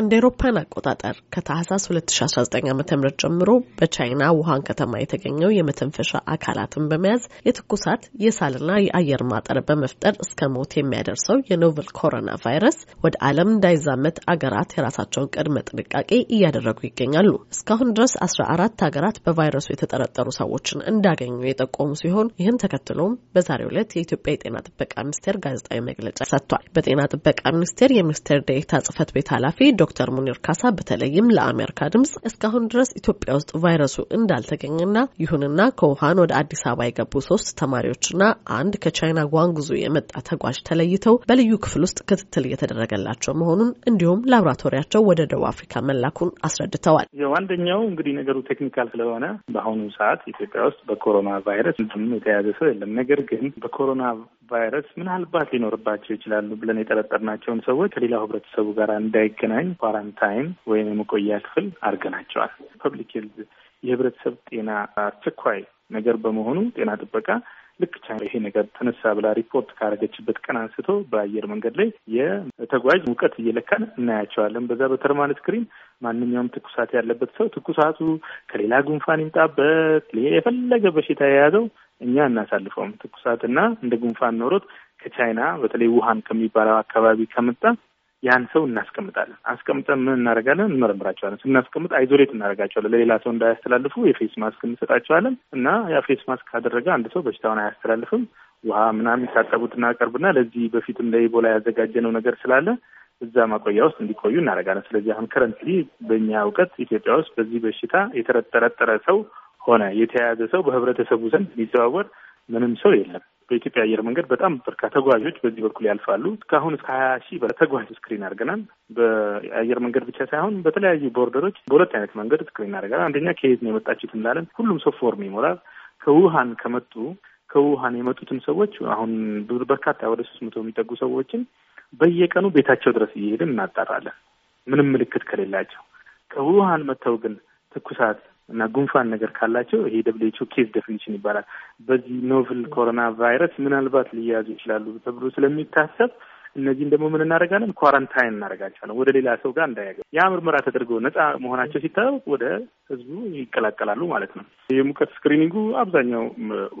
እንደ ኤሮፓን አቆጣጠር ከታህሳስ 2019 ዓ ም ጀምሮ በቻይና ውሃን ከተማ የተገኘው የመተንፈሻ አካላትን በመያዝ የትኩሳት የሳልና የአየር ማጠር በመፍጠር እስከ ሞት የሚያደርሰው የኖቨል ኮሮና ቫይረስ ወደ ዓለም እንዳይዛመት አገራት የራሳቸውን ቅድመ ጥንቃቄ እያደረጉ ይገኛሉ። እስካሁን ድረስ 14 አገራት በቫይረሱ የተጠረጠሩ ሰዎችን እንዳገኙ የጠቆሙ ሲሆን ይህን ተከትሎም በዛሬው ዕለት የኢትዮጵያ የጤና ጥበቃ ሚኒስቴር ጋዜጣዊ መግለጫ ሰጥቷል። በጤና ጥበቃ ሚኒስቴር የሚኒስቴር ዴኤታ ጽህፈት ቤት ኃላፊ ዶክተር ሙኒር ካሳ በተለይም ለአሜሪካ ድምጽ እስካሁን ድረስ ኢትዮጵያ ውስጥ ቫይረሱ እንዳልተገኘና ይሁንና ከውሃን ወደ አዲስ አበባ የገቡ ሶስት ተማሪዎችና አንድ ከቻይና ጓንጉዞ የመጣ ተጓዥ ተለይተው በልዩ ክፍል ውስጥ ክትትል እየተደረገላቸው መሆኑን እንዲሁም ላብራቶሪያቸው ወደ ደቡብ አፍሪካ መላኩን አስረድተዋል። አንደኛው እንግዲህ ነገሩ ቴክኒካል ስለሆነ በአሁኑ ሰዓት ኢትዮጵያ ውስጥ በኮሮና ቫይረስ የተያዘ ሰው የለም። ነገር ግን በኮሮና ቫይረስ ምናልባት ሊኖርባቸው ይችላሉ ብለን የጠረጠርናቸውን ሰዎች ከሌላው ህብረተሰቡ ጋር እንዳይገናኝ ኳራንታይን ወይም የመቆያ ክፍል አድርገናቸዋል። ፐብሊክ ሄልዝ የህብረተሰብ ጤና አስቸኳይ ነገር በመሆኑ ጤና ጥበቃ ልክ ቻይና ይሄ ነገር ተነሳ ብላ ሪፖርት ካረገችበት ቀን አንስቶ በአየር መንገድ ላይ የተጓዥ ሙቀት እየለካን እናያቸዋለን። በዛ በተርማል ስክሪን ማንኛውም ትኩሳት ያለበት ሰው ትኩሳቱ ከሌላ ጉንፋን ይምጣበት የፈለገ በሽታ የያዘው እኛ እናሳልፈውም። ትኩሳትና እንደ ጉንፋን ኖሮት ከቻይና በተለይ ውሃን ከሚባለው አካባቢ ከመጣ ያን ሰው እናስቀምጣለን። አስቀምጠን ምን እናደርጋለን? እንመረምራቸዋለን። ስናስቀምጥ አይዞሌት እናደርጋቸዋለን። ለሌላ ሰው እንዳያስተላልፉ የፌስ ማስክ እንሰጣቸዋለን እና ያ ፌስ ማስክ ካደረገ አንድ ሰው በሽታውን አያስተላልፍም። ውሃ ምናምን የታጠቡት እናቀርብና ለዚህ በፊትም ለኢቦላ ያዘጋጀነው ነገር ስላለ እዛ ማቆያ ውስጥ እንዲቆዩ እናደርጋለን። ስለዚህ አሁን ከረንትሊ በእኛ እውቀት ኢትዮጵያ ውስጥ በዚህ በሽታ የተጠረጠረ ሰው ሆነ የተያያዘ ሰው በህብረተሰቡ ዘንድ የሚዘዋወር ምንም ሰው የለም። በኢትዮጵያ አየር መንገድ በጣም በርካታ ተጓዦች በዚህ በኩል ያልፋሉ። እስካሁን እስከ ሀያ ሺህ ተጓዥ ስክሪን አድርገናል። በአየር መንገድ ብቻ ሳይሆን በተለያዩ ቦርደሮች በሁለት አይነት መንገድ ስክሪን አድርገናል። አንደኛ ከየት ነው የመጣችሁት እንላለን። ሁሉም ሰው ፎርም ይሞላል። ከውሃን ከመጡ ከውሃን የመጡትን ሰዎች አሁን በርካታ ወደ ሶስት መቶ የሚጠጉ ሰዎችን በየቀኑ ቤታቸው ድረስ እየሄድን እናጣራለን። ምንም ምልክት ከሌላቸው ከውሃን መጥተው ግን ትኩሳት እና ጉንፋን ነገር ካላቸው ይሄ ደብሊውኤችኦ ኬዝ ዴፊኒሽን ይባላል። በዚህ ኖቭል ኮሮና ቫይረስ ምናልባት ሊያዙ ይችላሉ ተብሎ ስለሚታሰብ እነዚህን ደግሞ ምን እናደርጋለን? ኳረንታይን እናደርጋቸዋለን ወደ ሌላ ሰው ጋር እንዳያገ ያ ምርመራ ተደርገው ነጻ መሆናቸው ሲታወቅ ወደ ህዝቡ ይቀላቀላሉ ማለት ነው። የሙቀት ስክሪኒንጉ አብዛኛው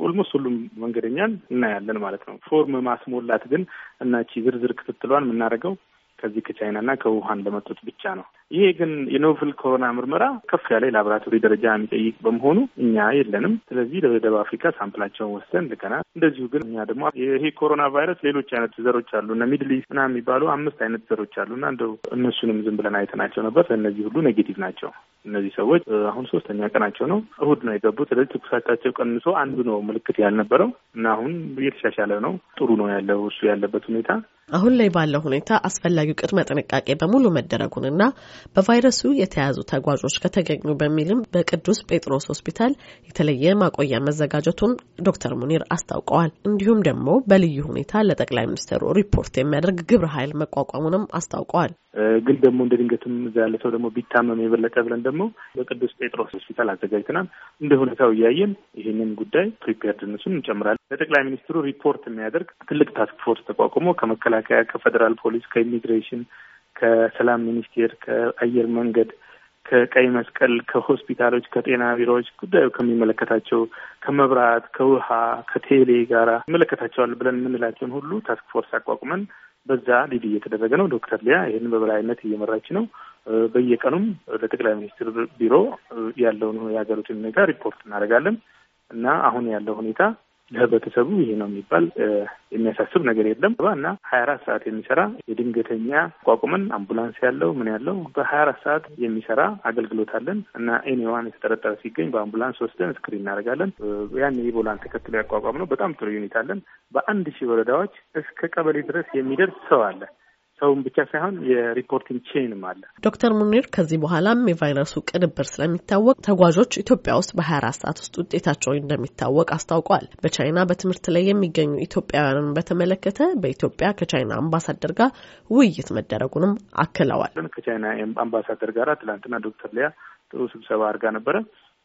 ኦልሞስት ሁሉም መንገደኛን እናያለን ማለት ነው። ፎርም ማስሞላት ግን እናቺ ዝርዝር ክትትሏን የምናደርገው ከዚህ ና ከውሃን ለመጡት ብቻ ነው። ይሄ ግን የኖቭል ኮሮና ምርመራ ከፍ ያለ የላቦራቶሪ ደረጃ የሚጠይቅ በመሆኑ እኛ የለንም። ስለዚህ ለደቡብ አፍሪካ ሳምፕላቸውን ወስደን ልከናል። እንደዚሁ ግን እኛ ደግሞ ይሄ ኮሮና ቫይረስ ሌሎች አይነት ዘሮች አሉ እና ሚድል ኢስት ምናምን የሚባሉ አምስት አይነት ዘሮች አሉ እና እንደው እነሱንም ዝም ብለን አይተናቸው ነበር። ለእነዚህ ሁሉ ኔጌቲቭ ናቸው። እነዚህ ሰዎች አሁን ሶስተኛ ቀናቸው ነው። እሁድ ነው የገቡት። ስለዚህ ትኩሳታቸው ቀንሶ አንዱ ነው ምልክት ያልነበረው እና አሁን እየተሻሻለ ነው። ጥሩ ነው ያለው እሱ ያለበት ሁኔታ። አሁን ላይ ባለው ሁኔታ አስፈላጊው ቅድመ ጥንቃቄ በሙሉ መደረጉንና በቫይረሱ የተያዙ ተጓዦች ከተገኙ በሚልም በቅዱስ ጴጥሮስ ሆስፒታል የተለየ ማቆያ መዘጋጀቱን ዶክተር ሙኒር አስታውቀዋል። እንዲሁም ደግሞ በልዩ ሁኔታ ለጠቅላይ ሚኒስትሩ ሪፖርት የሚያደርግ ግብረ ኃይል መቋቋሙንም አስታውቀዋል። ግን ደግሞ እንደ ድንገትም እዛ ያለ ሰው ደግሞ ቢታመም የበለጠ ብለን ደግሞ በቅዱስ ጴጥሮስ ሆስፒታል አዘጋጅተናል። እንደ ሁኔታው እያየን ይህንን ጉዳይ ፕሪፔርድነሱን እንጨምራለን። ለጠቅላይ ሚኒስትሩ ሪፖርት የሚያደርግ ትልቅ ታስክ ፎርስ ተቋቁሞ ከመከላከያ፣ ከፌዴራል ፖሊስ፣ ከኢሚግሬሽን፣ ከሰላም ሚኒስቴር፣ ከአየር መንገድ ከቀይ መስቀል፣ ከሆስፒታሎች፣ ከጤና ቢሮዎች ጉዳዩ ከሚመለከታቸው ከመብራት፣ ከውሃ፣ ከቴሌ ጋራ ይመለከታቸዋል ብለን የምንላቸውን ሁሉ ታስክ ፎርስ አቋቁመን በዛ ሊድ እየተደረገ ነው። ዶክተር ሊያ ይህን በበላይነት እየመራች ነው። በየቀኑም ለጠቅላይ ሚኒስትር ቢሮ ያለውን የሀገሪቱን ሁኔታ ሪፖርት እናደርጋለን እና አሁን ያለው ሁኔታ ለህብረተሰቡ ይሄ ነው የሚባል የሚያሳስብ ነገር የለም እና ሀያ አራት ሰዓት የሚሰራ የድንገተኛ ቋቁመን አምቡላንስ ያለው ምን ያለው በሀያ አራት ሰዓት የሚሰራ አገልግሎት አለን እና ኤኒዋን የተጠረጠረ ሲገኝ በአምቡላንስ ወስደን ስክሪን እናደርጋለን። ያን ኢቦላን ተከትሎ ያቋቋም ነው። በጣም ጥሩ ዩኒት አለን። በአንድ ሺህ ወረዳዎች እስከ ቀበሌ ድረስ የሚደርስ ሰው አለ። ሰውን ብቻ ሳይሆን የሪፖርቲንግ ቼንም አለ። ዶክተር ሙኒር ከዚህ በኋላም የቫይረሱ ቅንብር ስለሚታወቅ ተጓዦች ኢትዮጵያ ውስጥ በ24 ሰዓት ውስጥ ውጤታቸው እንደሚታወቅ አስታውቋል። በቻይና በትምህርት ላይ የሚገኙ ኢትዮጵያውያንን በተመለከተ በኢትዮጵያ ከቻይና አምባሳደር ጋር ውይይት መደረጉንም አክለዋል። ከቻይና አምባሳደር ጋር ትላንትና ዶክተር ሊያ ጥሩ ስብሰባ አድርጋ ነበረ።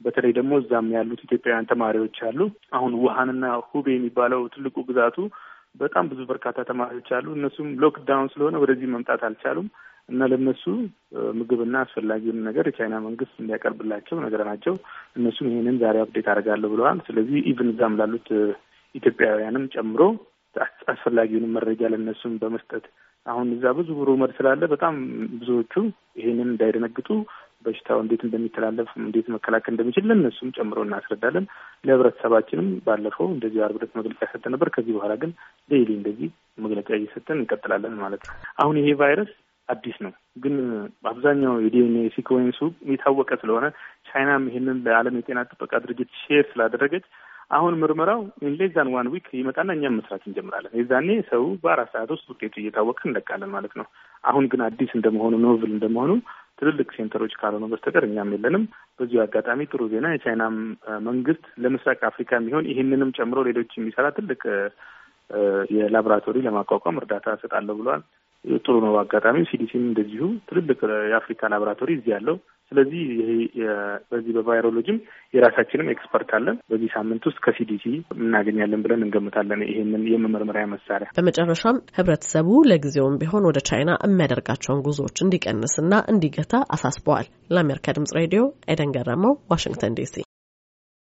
በተለይ ደግሞ እዛም ያሉት ኢትዮጵያውያን ተማሪዎች አሉ። አሁን ውሃንና ሁቤ የሚባለው ትልቁ ግዛቱ በጣም ብዙ በርካታ ተማሪዎች አሉ። እነሱም ሎክዳውን ስለሆነ ወደዚህ መምጣት አልቻሉም እና ለእነሱ ምግብና አስፈላጊውን ነገር የቻይና መንግስት እንዲያቀርብላቸው ነገርናቸው። እነሱም ይህንን ዛሬ አፕዴት አደርጋለሁ ብለዋል። ስለዚህ ኢቭን እዛም ላሉት ኢትዮጵያውያንም ጨምሮ አስፈላጊውንም መረጃ ለእነሱም በመስጠት አሁን እዛ ብዙ ሩመር ስላለ በጣም ብዙዎቹ ይህንን እንዳይደነግጡ በሽታው እንዴት እንደሚተላለፍ እንዴት መከላከል እንደሚችል ለእነሱም ጨምሮ እናስረዳለን። ለህብረተሰባችንም ባለፈው እንደዚህ አርብ ዕለት መግለጫ ሰጠ ነበር። ከዚህ በኋላ ግን ዴይሊ እንደዚህ መግለጫ እየሰጠን እንቀጥላለን ማለት ነው። አሁን ይሄ ቫይረስ አዲስ ነው፣ ግን አብዛኛው የዲኤንኤ ሲኮንሱ የታወቀ ስለሆነ ቻይናም ይሄንን ለዓለም የጤና ጥበቃ ድርጅት ሼር ስላደረገች አሁን ምርመራው ኢንሌዛን ዋን ዊክ ይመጣና እኛም መስራት እንጀምራለን። የዛኔ ሰው በአራት ሰዓት ውስጥ ውጤቱ እየታወቀ እንለቃለን ማለት ነው። አሁን ግን አዲስ እንደመሆኑ ኖቭል እንደመሆኑ ትልልቅ ሴንተሮች ካልሆነ በስተቀር እኛም የለንም። በዚሁ አጋጣሚ ጥሩ ዜና የቻይና መንግስት ለምስራቅ አፍሪካ የሚሆን ይህንንም ጨምሮ ሌሎች የሚሰራ ትልቅ የላቦራቶሪ ለማቋቋም እርዳታ እሰጣለሁ ብለዋል። ጥሩ ነው። አጋጣሚ ሲዲሲም እንደዚሁ ትልልቅ የአፍሪካ ላቦራቶሪ እዚህ ያለው ስለዚህ በዚህ በቫይሮሎጂም የራሳችንም ኤክስፐርት አለን። በዚህ ሳምንት ውስጥ ከሲዲሲ እናገኛለን ብለን እንገምታለን ይህንን የመመርመሪያ መሳሪያ። በመጨረሻም ህብረተሰቡ ለጊዜውም ቢሆን ወደ ቻይና የሚያደርጋቸውን ጉዞዎች እንዲቀንስና እንዲገታ አሳስበዋል። ለአሜሪካ ድምጽ ሬዲዮ ኤደን ገረመው ዋሽንግተን ዲሲ